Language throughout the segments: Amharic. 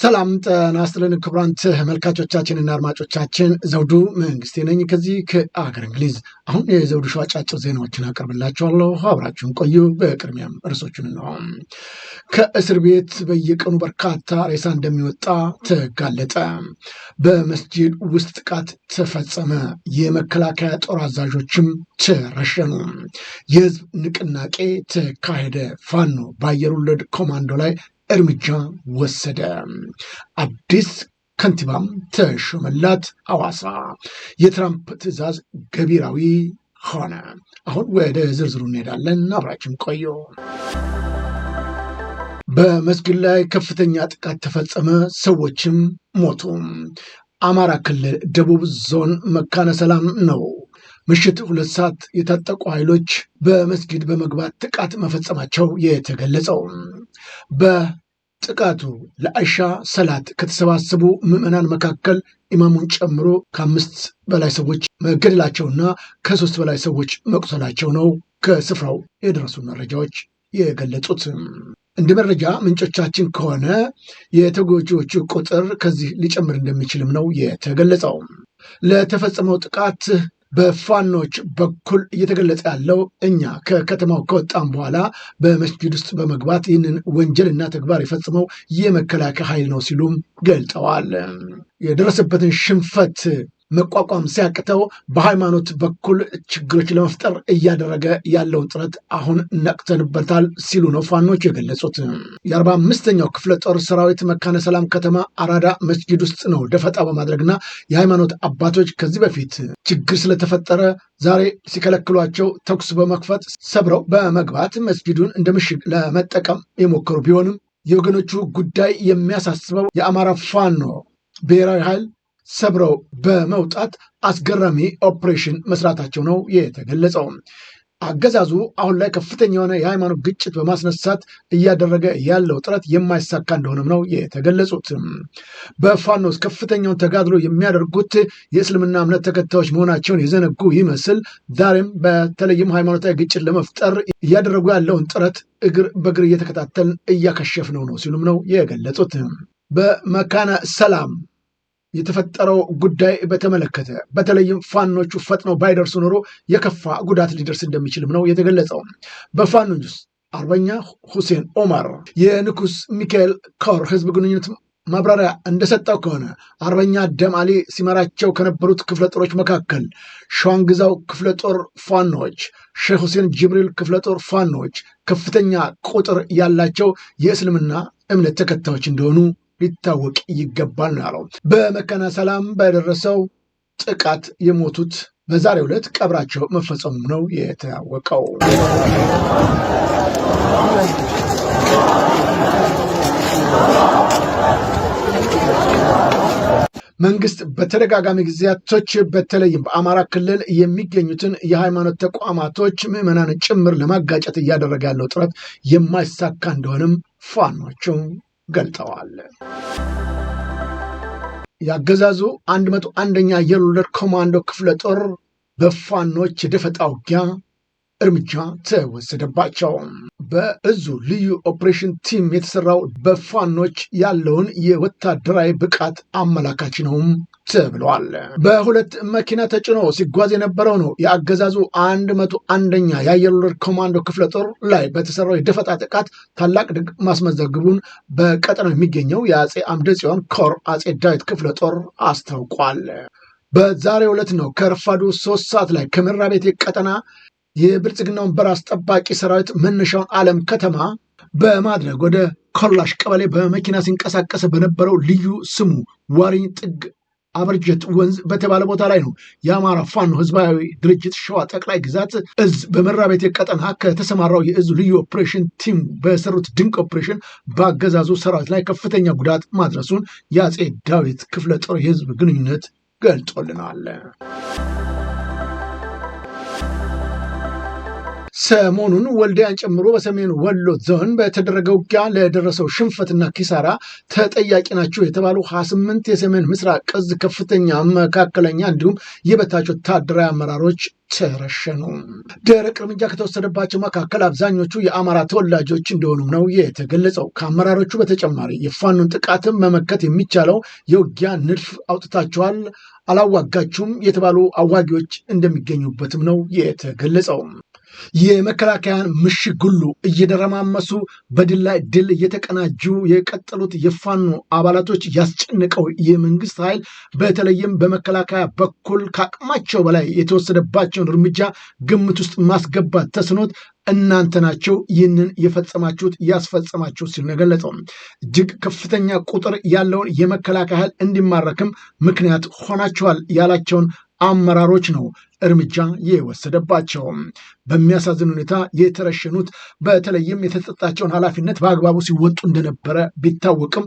ሰላም ጤና ይስጥልን ክቡራን ተመልካቾቻችንና አድማጮቻችን ዘውዱ መንግስቴ ነኝ ከዚህ ከአገር እንግሊዝ። አሁን የዘውዱ ሾው አጫጭር ዜናዎችን አቀርብላችኋለሁ፣ አብራችሁን ቆዩ። በቅድሚያም እርሶችን ነው። ከእስር ቤት በየቀኑ በርካታ ሬሳ እንደሚወጣ ተጋለጠ። በመስጂድ ውስጥ ጥቃት ተፈጸመ። የመከላከያ ጦር አዛዦችም ተረሸኑ። የህዝብ ንቅናቄ ተካሄደ። ፋኖ በአየር ወለድ ኮማንዶ ላይ እርምጃ ወሰደ። አዲስ ከንቲባም ተሾመላት ሐዋሳ። የትራምፕ ትዕዛዝ ገቢራዊ ሆነ። አሁን ወደ ዝርዝሩ እንሄዳለን። አብራችን ቆዩ። በመስጊድ ላይ ከፍተኛ ጥቃት ተፈጸመ፣ ሰዎችም ሞቱ። አማራ ክልል ደቡብ ዞን መካነ ሰላም ነው። ምሽት ሁለት ሰዓት የታጠቁ ኃይሎች በመስጊድ በመግባት ጥቃት መፈጸማቸው የተገለጸው በጥቃቱ ለአሻ ሰላት ከተሰባሰቡ ምዕመናን መካከል ኢማሙን ጨምሮ ከአምስት በላይ ሰዎች መገደላቸውና ከሶስት በላይ ሰዎች መቁሰላቸው ነው ከስፍራው የደረሱ መረጃዎች የገለጹት። እንደ መረጃ ምንጮቻችን ከሆነ የተጎጂዎቹ ቁጥር ከዚህ ሊጨምር እንደሚችልም ነው የተገለጸው። ለተፈጸመው ጥቃት በፋኖች በኩል እየተገለጸ ያለው እኛ ከከተማው ከወጣም በኋላ በመስጊድ ውስጥ በመግባት ይህንን ወንጀልና ተግባር የፈጽመው የመከላከያ ኃይል ነው ሲሉም ገልጠዋል። የደረሰበትን ሽንፈት መቋቋም ሲያቅተው በሃይማኖት በኩል ችግሮች ለመፍጠር እያደረገ ያለውን ጥረት አሁን ነቅተንበታል ሲሉ ነው ፋኖች የገለጹት። የአርባ አምስተኛው ክፍለ ጦር ሰራዊት መካነ ሰላም ከተማ አራዳ መስጊድ ውስጥ ነው ደፈጣ በማድረግና የሃይማኖት አባቶች ከዚህ በፊት ችግር ስለተፈጠረ ዛሬ ሲከለክሏቸው ተኩስ በመክፈት ሰብረው በመግባት መስጊዱን እንደ ምሽግ ለመጠቀም የሞከሩ ቢሆንም የወገኖቹ ጉዳይ የሚያሳስበው የአማራ ፋኖ ብሔራዊ ኃይል ሰብረው በመውጣት አስገራሚ ኦፕሬሽን መስራታቸው ነው የተገለጸው። አገዛዙ አሁን ላይ ከፍተኛ የሆነ የሃይማኖት ግጭት በማስነሳት እያደረገ ያለው ጥረት የማይሳካ እንደሆነም ነው የተገለጹት። በፋኖስ ከፍተኛውን ተጋድሎ የሚያደርጉት የእስልምና እምነት ተከታዮች መሆናቸውን የዘነጉ ይመስል ዛሬም በተለይም ሃይማኖታዊ ግጭት ለመፍጠር እያደረጉ ያለውን ጥረት እግር በእግር እየተከታተልን እያከሸፍነው ነው ሲሉም ነው የገለጹት። በመካነ ሰላም የተፈጠረው ጉዳይ በተመለከተ በተለይም ፋኖቹ ፈጥነው ባይደርሱ ኖሮ የከፋ ጉዳት ሊደርስ እንደሚችልም ነው የተገለጸው። በፋኖች ውስጥ አርበኛ ሁሴን ኦማር የንኩስ ሚካኤል ኮር ህዝብ ግንኙነት ማብራሪያ እንደሰጠው ከሆነ አርበኛ ደማሊ ሲመራቸው ከነበሩት ክፍለ ጦሮች መካከል ሸዋንግዛው ክፍለ ጦር ፋኖች፣ ሼህ ሁሴን ጅብሪል ክፍለ ጦር ፋኖች ከፍተኛ ቁጥር ያላቸው የእስልምና እምነት ተከታዮች እንደሆኑ ሊታወቅ ይገባል አለው። በመካነ ሰላም በደረሰው ጥቃት የሞቱት በዛሬ ዕለት ቀብራቸው መፈጸሙ ነው የታወቀው። መንግስት በተደጋጋሚ ጊዜያቶች በተለይም በአማራ ክልል የሚገኙትን የሃይማኖት ተቋማቶች ምዕመናን ጭምር ለማጋጨት እያደረገ ያለው ጥረት የማይሳካ እንደሆንም ፋኖቹ ገልጸዋል። ያገዛዙ 101ኛ አየር ወለድ ኮማንዶ ክፍለ ጦር በፋኖች የደፈጣ ውጊያ እርምጃ ተወሰደባቸው። በእዙ ልዩ ኦፕሬሽን ቲም የተሰራው በፋኖች ያለውን የወታደራዊ ብቃት አመላካች ነውም ተብለዋል። በሁለት መኪና ተጭኖ ሲጓዝ የነበረው ነው የአገዛዙ አንድ መቶ አንደኛ የአየር ወለድ ኮማንዶ ክፍለ ጦር ላይ በተሰራው የደፈጣ ጥቃት ታላቅ ድግ ማስመዘግቡን በቀጠናው የሚገኘው የአጼ አምደ ጽዮን ኮር አጼ ዳዊት ክፍለ ጦር አስታውቋል። በዛሬ ዕለት ነው ከረፋዱ ሶስት ሰዓት ላይ ከመራ ቤቴ ቀጠና የብልጽግናውን በራስ ጠባቂ ሰራዊት መነሻውን አለም ከተማ በማድረግ ወደ ኮላሽ ቀበሌ በመኪና ሲንቀሳቀስ በነበረው ልዩ ስሙ ዋሪኝ ጥግ አበርጀት ወንዝ በተባለ ቦታ ላይ ነው የአማራ ፋኖ ህዝባዊ ድርጅት ሸዋ ጠቅላይ ግዛት እዝ በመራ ቤት ቀጠና ከተሰማራው የእዝ ልዩ ኦፕሬሽን ቲም በሰሩት ድንቅ ኦፕሬሽን በአገዛዙ ሰራዊት ላይ ከፍተኛ ጉዳት ማድረሱን የአፄ ዳዊት ክፍለ ጦር የህዝብ ግንኙነት ገልጦልናል። ሰሞኑን ወልዲያን ጨምሮ በሰሜን ወሎ ዞን በተደረገ ውጊያ ለደረሰው ሽንፈትና ኪሳራ ተጠያቂ ናቸው የተባሉ 28 ስምንት የሰሜን ምስራቅ እዝ ከፍተኛ፣ መካከለኛ እንዲሁም የበታች ወታደራዊ አመራሮች ተረሸኑ። ደረቅ እርምጃ ከተወሰደባቸው መካከል አብዛኞቹ የአማራ ተወላጆች እንደሆኑም ነው የተገለጸው። ከአመራሮቹ በተጨማሪ የፋኑን ጥቃትን መመከት የሚቻለው የውጊያ ንድፍ አውጥታቸዋል አላዋጋችሁም የተባሉ አዋጊዎች እንደሚገኙበትም ነው የተገለጸው። የመከላከያን ምሽግ ሁሉ እየደረማመሱ በድል ላይ ድል እየተቀናጁ የቀጠሉት የፋኖ አባላቶች ያስጨነቀው የመንግስት ኃይል በተለይም በመከላከያ በኩል ከአቅማቸው በላይ የተወሰደባቸውን እርምጃ ግምት ውስጥ ማስገባት ተስኖት እናንተ ናቸው ይህንን የፈጸማችሁት ያስፈጸማችሁት ሲል ነው የገለጸው። እጅግ ከፍተኛ ቁጥር ያለውን የመከላከያ ኃይል እንዲማረክም ምክንያት ሆናችኋል ያላቸውን አመራሮች ነው እርምጃ የወሰደባቸው። በሚያሳዝን ሁኔታ የተረሸኑት በተለይም የተሰጣቸውን ኃላፊነት በአግባቡ ሲወጡ እንደነበረ ቢታወቅም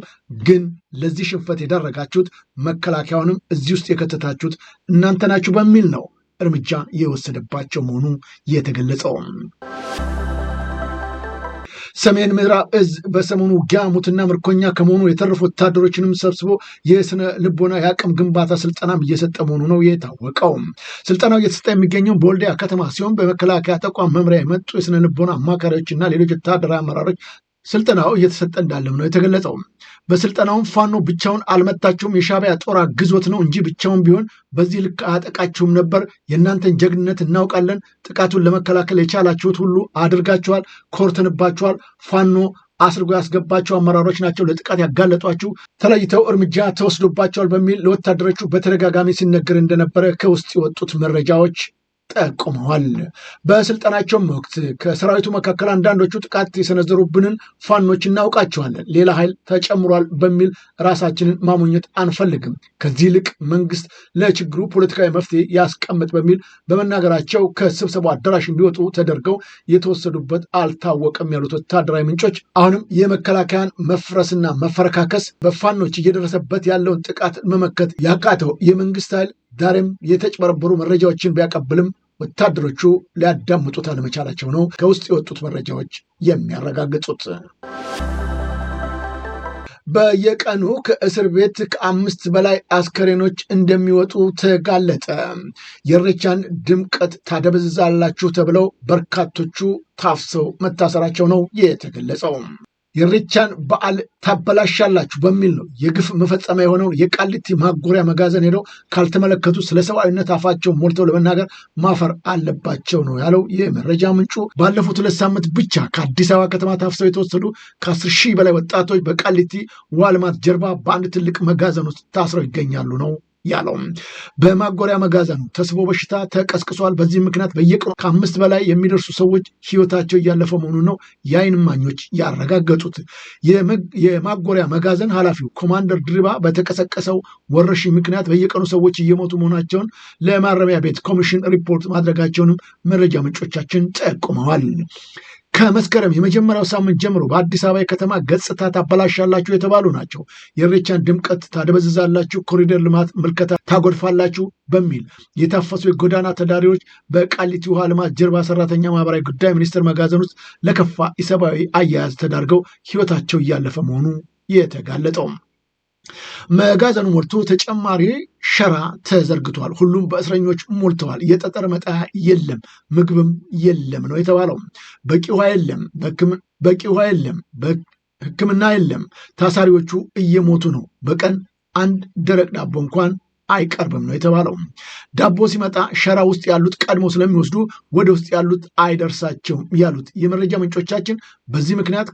ግን ለዚህ ሽንፈት የዳረጋችሁት መከላከያውንም እዚህ ውስጥ የከተታችሁት እናንተ ናችሁ በሚል ነው እርምጃ የወሰደባቸው መሆኑ የተገለጸው። ሰሜን ምዕራብ እዝ በሰሞኑ ውጊያ ሙትና ምርኮኛ ከመሆኑ የተረፉ ወታደሮችንም ሰብስቦ የስነ ልቦና የአቅም ግንባታ ስልጠናም እየሰጠ መሆኑ ነው የታወቀው። ስልጠናው እየተሰጠ የሚገኘው በወልዲያ ከተማ ሲሆን በመከላከያ ተቋም መምሪያ የመጡ የስነ ልቦና አማካሪዎችና ሌሎች ወታደራዊ አመራሮች ስልጠናው እየተሰጠ እንዳለም ነው የተገለጸው። በስልጠናውም ፋኖ ብቻውን አልመታችሁም፣ የሻቢያ ጦር አግዞት ነው እንጂ ብቻውን ቢሆን በዚህ ልክ አያጠቃችሁም ነበር። የእናንተን ጀግንነት እናውቃለን። ጥቃቱን ለመከላከል የቻላችሁት ሁሉ አድርጋችኋል፣ ኮርትንባችኋል። ፋኖ አስርጎ ያስገባቸው አመራሮች ናቸው ለጥቃት ያጋለጧችሁ፣ ተለይተው እርምጃ ተወስዶባቸዋል በሚል ለወታደሮቹ በተደጋጋሚ ሲነገር እንደነበረ ከውስጥ የወጡት መረጃዎች ጠቁመዋል። በስልጠናቸውም ወቅት ከሰራዊቱ መካከል አንዳንዶቹ ጥቃት የሰነዘሩብንን ፋኖች እናውቃቸዋለን፣ ሌላ ኃይል ተጨምሯል በሚል ራሳችንን ማሞኘት አንፈልግም። ከዚህ ይልቅ መንግስት ለችግሩ ፖለቲካዊ መፍትሄ ያስቀምጥ በሚል በመናገራቸው ከስብሰባው አዳራሽ እንዲወጡ ተደርገው የተወሰዱበት አልታወቀም ያሉት ወታደራዊ ምንጮች አሁንም የመከላከያን መፍረስና መፈረካከስ በፋኖች እየደረሰበት ያለውን ጥቃት መመከት ያቃተው የመንግስት ኃይል ዛሬም የተጭበረበሩ መረጃዎችን ቢያቀብልም ወታደሮቹ ሊያዳምጡት አለመቻላቸው ነው ከውስጥ የወጡት መረጃዎች የሚያረጋግጡት። በየቀኑ ከእስር ቤት ከአምስት በላይ አስከሬኖች እንደሚወጡ ተጋለጠ። የሬቻን ድምቀት ታደበዝዛላችሁ ተብለው በርካቶቹ ታፍሰው መታሰራቸው ነው የተገለጸው። የኢሬቻን በዓል ታበላሻላችሁ በሚል ነው የግፍ መፈጸሚያ የሆነውን የቃሊቲ ማጎሪያ መጋዘን ሄደው ካልተመለከቱ ስለ ሰብአዊነት አፋቸውን ሞልተው ለመናገር ማፈር አለባቸው ነው ያለው የመረጃ ምንጩ። ባለፉት ሁለት ሳምንት ብቻ ከአዲስ አበባ ከተማ ታፍሰው የተወሰዱ ከአስር ሺህ በላይ ወጣቶች በቃሊቲ ዋልማት ጀርባ በአንድ ትልቅ መጋዘን ውስጥ ታስረው ይገኛሉ ነው ያለው በማጎሪያ መጋዘኑ ተስቦ በሽታ ተቀስቅሷል። በዚህ ምክንያት በየቀኑ ከአምስት በላይ የሚደርሱ ሰዎች ህይወታቸው እያለፈ መሆኑን ነው የአይን እማኞች ያረጋገጡት። የማጎሪያ መጋዘን ኃላፊው ኮማንደር ድሪባ በተቀሰቀሰው ወረርሽኝ ምክንያት በየቀኑ ሰዎች እየሞቱ መሆናቸውን ለማረሚያ ቤት ኮሚሽን ሪፖርት ማድረጋቸውንም መረጃ ምንጮቻችን ጠቁመዋል። ከመስከረም የመጀመሪያው ሳምንት ጀምሮ በአዲስ አበባ የከተማ ገጽታ ታበላሻላችሁ የተባሉ ናቸው። የኢሬቻን ድምቀት ታደበዝዛላችሁ፣ ኮሪደር ልማት ምልከታ ታጎድፋላችሁ በሚል የታፈሱ የጎዳና ተዳሪዎች በቃሊቲ ውሃ ልማት ጀርባ ሰራተኛ ማህበራዊ ጉዳይ ሚኒስቴር መጋዘን ውስጥ ለከፋ ኢሰብአዊ አያያዝ ተዳርገው ህይወታቸው እያለፈ መሆኑ የተጋለጠውም መጋዘኑ ሞልቶ ተጨማሪ ሸራ ተዘርግቷል። ሁሉም በእስረኞች ሞልተዋል። የጠጠር መጣያ የለም፣ ምግብም የለም ነው የተባለው። በቂ ውሃ የለም፣ በቂ ውሃ የለም፣ ሕክምና የለም። ታሳሪዎቹ እየሞቱ ነው። በቀን አንድ ደረቅ ዳቦ እንኳን አይቀርብም ነው የተባለው። ዳቦ ሲመጣ ሸራ ውስጥ ያሉት ቀድሞ ስለሚወስዱ ወደ ውስጥ ያሉት አይደርሳቸውም ያሉት የመረጃ ምንጮቻችን፣ በዚህ ምክንያት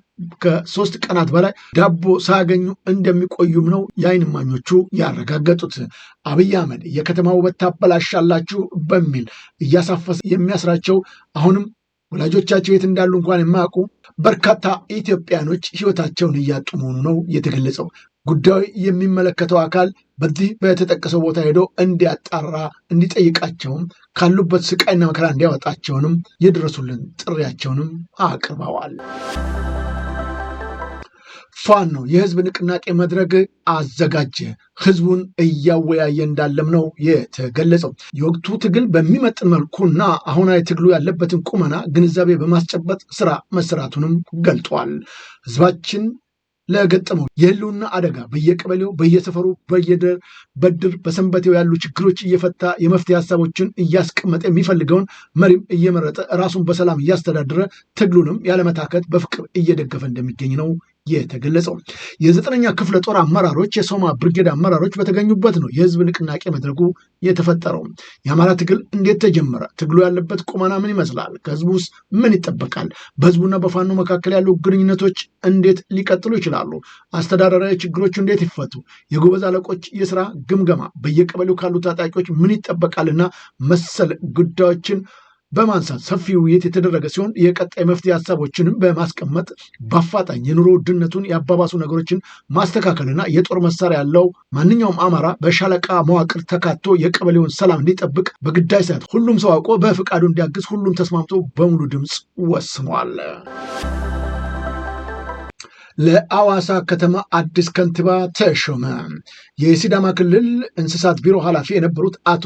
ከሶስት ቀናት በላይ ዳቦ ሳያገኙ እንደሚቆዩም ነው የአይን እማኞቹ ያረጋገጡት። አብይ አህመድ የከተማ ውበት ታበላሻላችሁ በሚል እያሳፈሰ የሚያስራቸው አሁንም ወላጆቻቸው የት እንዳሉ እንኳን የማያውቁ በርካታ ኢትዮጵያኖች ህይወታቸውን እያጡ መሆኑ ነው የተገለጸው። ጉዳዩ የሚመለከተው አካል በዚህ በተጠቀሰው ቦታ ሄዶ እንዲያጣራ እንዲጠይቃቸውም ካሉበት ስቃይና መከራ እንዲያወጣቸውንም የደረሱልን ጥሪያቸውንም አቅርበዋል። ፋኖ የህዝብ ንቅናቄ መድረክ አዘጋጀ። ህዝቡን እያወያየ እንዳለም ነው የተገለጸው። የወቅቱ ትግል በሚመጥን መልኩና አሁናዊ ትግሉ ያለበትን ቁመና ግንዛቤ በማስጨበጥ ስራ መሰራቱንም ገልጧል። ህዝባችን ለገጠመው የህልውና አደጋ በየቀበሌው፣ በየሰፈሩ፣ በየደር በድር በሰንበቴው ያሉ ችግሮች እየፈታ የመፍትሄ ሀሳቦችን እያስቀመጠ የሚፈልገውን መሪም እየመረጠ ራሱን በሰላም እያስተዳደረ ትግሉንም ያለመታከት በፍቅር እየደገፈ እንደሚገኝ ነው የተገለጸው። የዘጠነኛ ክፍለ ጦር አመራሮች፣ የሶማ ብርጌድ አመራሮች በተገኙበት ነው የህዝብ ንቅናቄ መድረጉ የተፈጠረው። የአማራ ትግል እንዴት ተጀመረ? ትግሉ ያለበት ቁመና ምን ይመስላል? ከህዝቡ ውስጥ ምን ይጠበቃል? በህዝቡና በፋኖ መካከል ያሉ ግንኙነቶች እንዴት ሊቀጥሉ ይችላሉ? አስተዳደራዊ ችግሮቹ እንዴት ይፈቱ? የጎበዝ አለቆች የስራ ግምገማ፣ በየቀበሌው ካሉ ታጣቂዎች ምን ይጠበቃልና መሰል ጉዳዮችን በማንሳት ሰፊ ውይይት የተደረገ ሲሆን የቀጣይ መፍትሄ ሀሳቦችንም በማስቀመጥ በአፋጣኝ የኑሮ ውድነቱን ያባባሱ ነገሮችን ማስተካከልና የጦር መሳሪያ ያለው ማንኛውም አማራ በሻለቃ መዋቅር ተካቶ የቀበሌውን ሰላም እንዲጠብቅ በግዳጅ ሰዓት ሁሉም ሰው አውቆ በፍቃዱ እንዲያግዝ ሁሉም ተስማምቶ በሙሉ ድምፅ ወስኗል። ለአዋሳ ከተማ አዲስ ከንቲባ ተሾመ። የሲዳማ ክልል እንስሳት ቢሮ ኃላፊ የነበሩት አቶ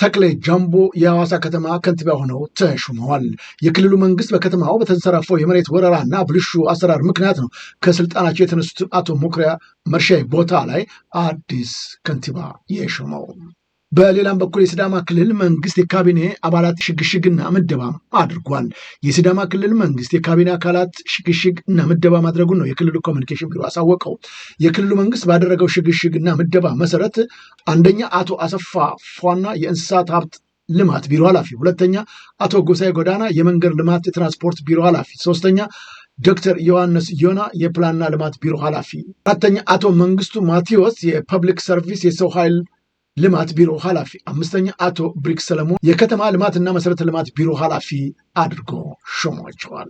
ተክሌ ጃምቦ የሐዋሳ ከተማ ከንቲባ ሆነው ተሹመዋል። የክልሉ መንግስት በከተማው በተንሰራፈው የመሬት ወረራ እና ብልሹ አሰራር ምክንያት ነው ከስልጣናቸው የተነሱት አቶ ሞኩሪያ መርሻይ ቦታ ላይ አዲስ ከንቲባ የሾመው። በሌላም በኩል የሲዳማ ክልል መንግስት የካቢኔ አባላት ሽግሽግና ምደባ አድርጓል። የሲዳማ ክልል መንግስት የካቢኔ አካላት ሽግሽግ እና ምደባ ማድረጉን ነው የክልሉ ኮሚኒኬሽን ቢሮ አሳወቀው። የክልሉ መንግስት ባደረገው ሽግሽግና ምደባ መሰረት አንደኛ አቶ አሰፋ ፏና የእንስሳት ሀብት ልማት ቢሮ ኃላፊ፣ ሁለተኛ አቶ ጎሳይ ጎዳና የመንገድ ልማት የትራንስፖርት ቢሮ ኃላፊ፣ ሶስተኛ ዶክተር ዮሐንስ ዮና የፕላንና ልማት ቢሮ ኃላፊ፣ አራተኛ አቶ መንግስቱ ማቴዎስ የፐብሊክ ሰርቪስ የሰው ኃይል ልማት ቢሮ ኃላፊ፣ አምስተኛ አቶ ብሪክ ሰለሞን የከተማ ልማትና መሰረተ ልማት ቢሮ ኃላፊ አድርጎ ሾሟቸዋል።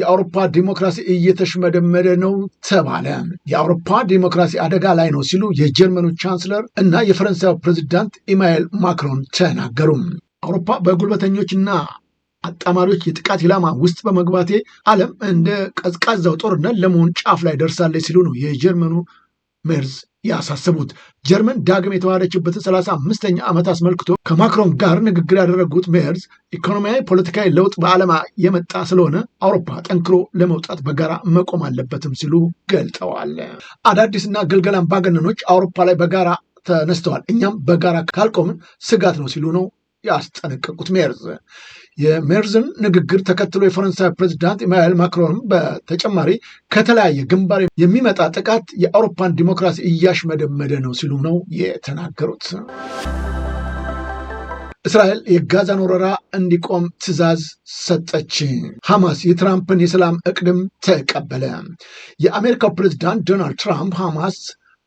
የአውሮፓ ዲሞክራሲ እየተሽመደመደ ነው ተባለ። የአውሮፓ ዲሞክራሲ አደጋ ላይ ነው ሲሉ የጀርመኑ ቻንስለር እና የፈረንሳዩ ፕሬዚዳንት ኢማኤል ማክሮን ተናገሩ። አውሮፓ በጉልበተኞችና አጣማሪዎች የጥቃት ኢላማ ውስጥ በመግባቴ ዓለም እንደ ቀዝቃዛው ጦርነት ለመሆን ጫፍ ላይ ደርሳለች ሲሉ ነው የጀርመኑ ሜርዝ ያሳሰቡት። ጀርመን ዳግም የተዋሃደችበትን ሰላሳ አምስተኛ ዓመት አስመልክቶ ከማክሮን ጋር ንግግር ያደረጉት ሜርዝ ኢኮኖሚያዊ፣ ፖለቲካዊ ለውጥ በዓለም የመጣ ስለሆነ አውሮፓ ጠንክሮ ለመውጣት በጋራ መቆም አለበትም ሲሉ ገልጠዋል። አዳዲስና ገልገል ባገነኖች አውሮፓ ላይ በጋራ ተነስተዋል። እኛም በጋራ ካልቆምን ስጋት ነው ሲሉ ነው ያስጠነቀቁት ሜርዝ የሜርዝን ንግግር ተከትሎ የፈረንሳይ ፕሬዚዳንት ኢማኑኤል ማክሮንም በተጨማሪ ከተለያየ ግንባር የሚመጣ ጥቃት የአውሮፓን ዲሞክራሲ እያሽመደመደ ነው ሲሉ ነው የተናገሩት። እስራኤል የጋዛን ወረራ እንዲቆም ትዕዛዝ ሰጠች። ሐማስ የትራምፕን የሰላም እቅድም ተቀበለ። የአሜሪካው ፕሬዚዳንት ዶናልድ ትራምፕ ሐማስ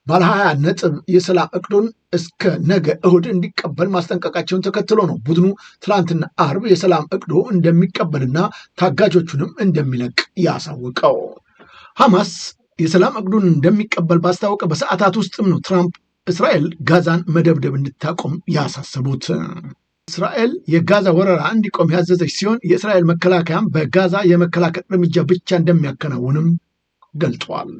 ባለ 20 ነጥብ የስላ እቅዱን እስከ ነገ እሁድ እንዲቀበል ማስጠንቀቃቸውን ተከትሎ ነው ቡድኑ ትላንትና አርብ የሰላም እቅዱ እንደሚቀበልና ታጋጆቹንም እንደሚለቅ ያሳውቀው። ሐማስ የሰላም እቅዱን እንደሚቀበል ባስታወቀ በሰዓታት ውስጥም ነው ትራምፕ እስራኤል ጋዛን መደብደብ እንድታቆም ያሳሰቡት። እስራኤል የጋዛ ወረራ እንዲቆም ያዘዘች ሲሆን የእስራኤል መከላከያም በጋዛ የመከላከል እርምጃ ብቻ እንደሚያከናውንም ገልጠዋል።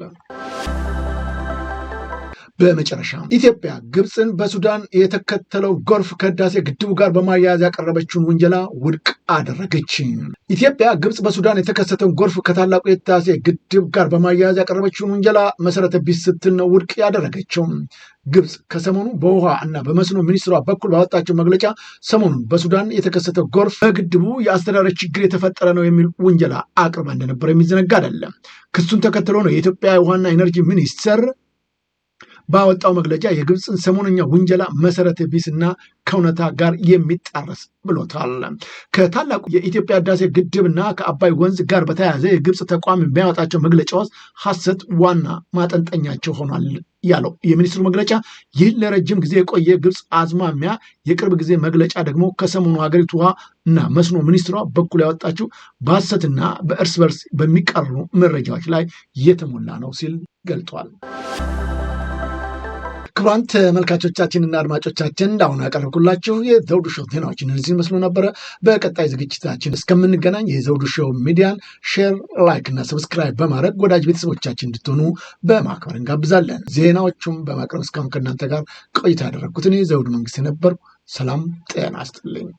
በመጨረሻ ኢትዮጵያ ግብፅን በሱዳን የተከተለው ጎርፍ ከህዳሴ ግድቡ ጋር በማያያዝ ያቀረበችውን ውንጀላ ውድቅ አደረገች። ኢትዮጵያ ግብፅ በሱዳን የተከሰተውን ጎርፍ ከታላቁ የህዳሴ ግድብ ጋር በማያያዝ ያቀረበችውን ውንጀላ መሰረተ ቢስ ስትል ነው ውድቅ ያደረገችው። ግብፅ ከሰሞኑ በውሃ እና በመስኖ ሚኒስትሯ በኩል ባወጣቸው መግለጫ ሰሞኑን በሱዳን የተከሰተው ጎርፍ በግድቡ የአስተዳደር ችግር የተፈጠረ ነው የሚል ውንጀላ አቅርባ እንደነበረ የሚዘነጋ አይደለም። ክሱን ተከትሎ ነው የኢትዮጵያ ውሃና ኢነርጂ ሚኒስቴር ባወጣው መግለጫ የግብፅን ሰሞነኛ ውንጀላ መሰረተ ቢስና ከእውነታ ጋር የሚጣረስ ብሎታል። ከታላቁ የኢትዮጵያ ህዳሴ ግድብና ከአባይ ወንዝ ጋር በተያያዘ የግብፅ ተቋም የሚያወጣቸው መግለጫዎች ሀሰት ዋና ማጠንጠኛቸው ሆኗል ያለው የሚኒስትሩ መግለጫ ይህ ለረጅም ጊዜ የቆየ ግብፅ አዝማሚያ፣ የቅርብ ጊዜ መግለጫ ደግሞ ከሰሞኑ ሀገሪቱ ውሃ እና መስኖ ሚኒስትሯ በኩል ያወጣችው በሀሰትና በእርስ በርስ በሚቀርሩ መረጃዎች ላይ የተሞላ ነው ሲል ገልጧል። ክቡራን ተመልካቾቻችንና አድማጮቻችን እንዳሁን ያቀረብኩላችሁ የዘውዱ ሾው ዜናዎችን እዚህ መስሎ ነበረ። በቀጣይ ዝግጅታችን እስከምንገናኝ የዘውዱ ሾው ሚዲያን ሼር፣ ላይክ እና ሰብስክራይብ በማድረግ ወዳጅ ቤተሰቦቻችን እንድትሆኑ በማክበር እንጋብዛለን። ዜናዎቹም በማቅረብ እስካሁን ከእናንተ ጋር ቆይታ ያደረግኩትን የዘውዱ መንግስት የነበርኩ ሰላም ጤና አስጥልኝ።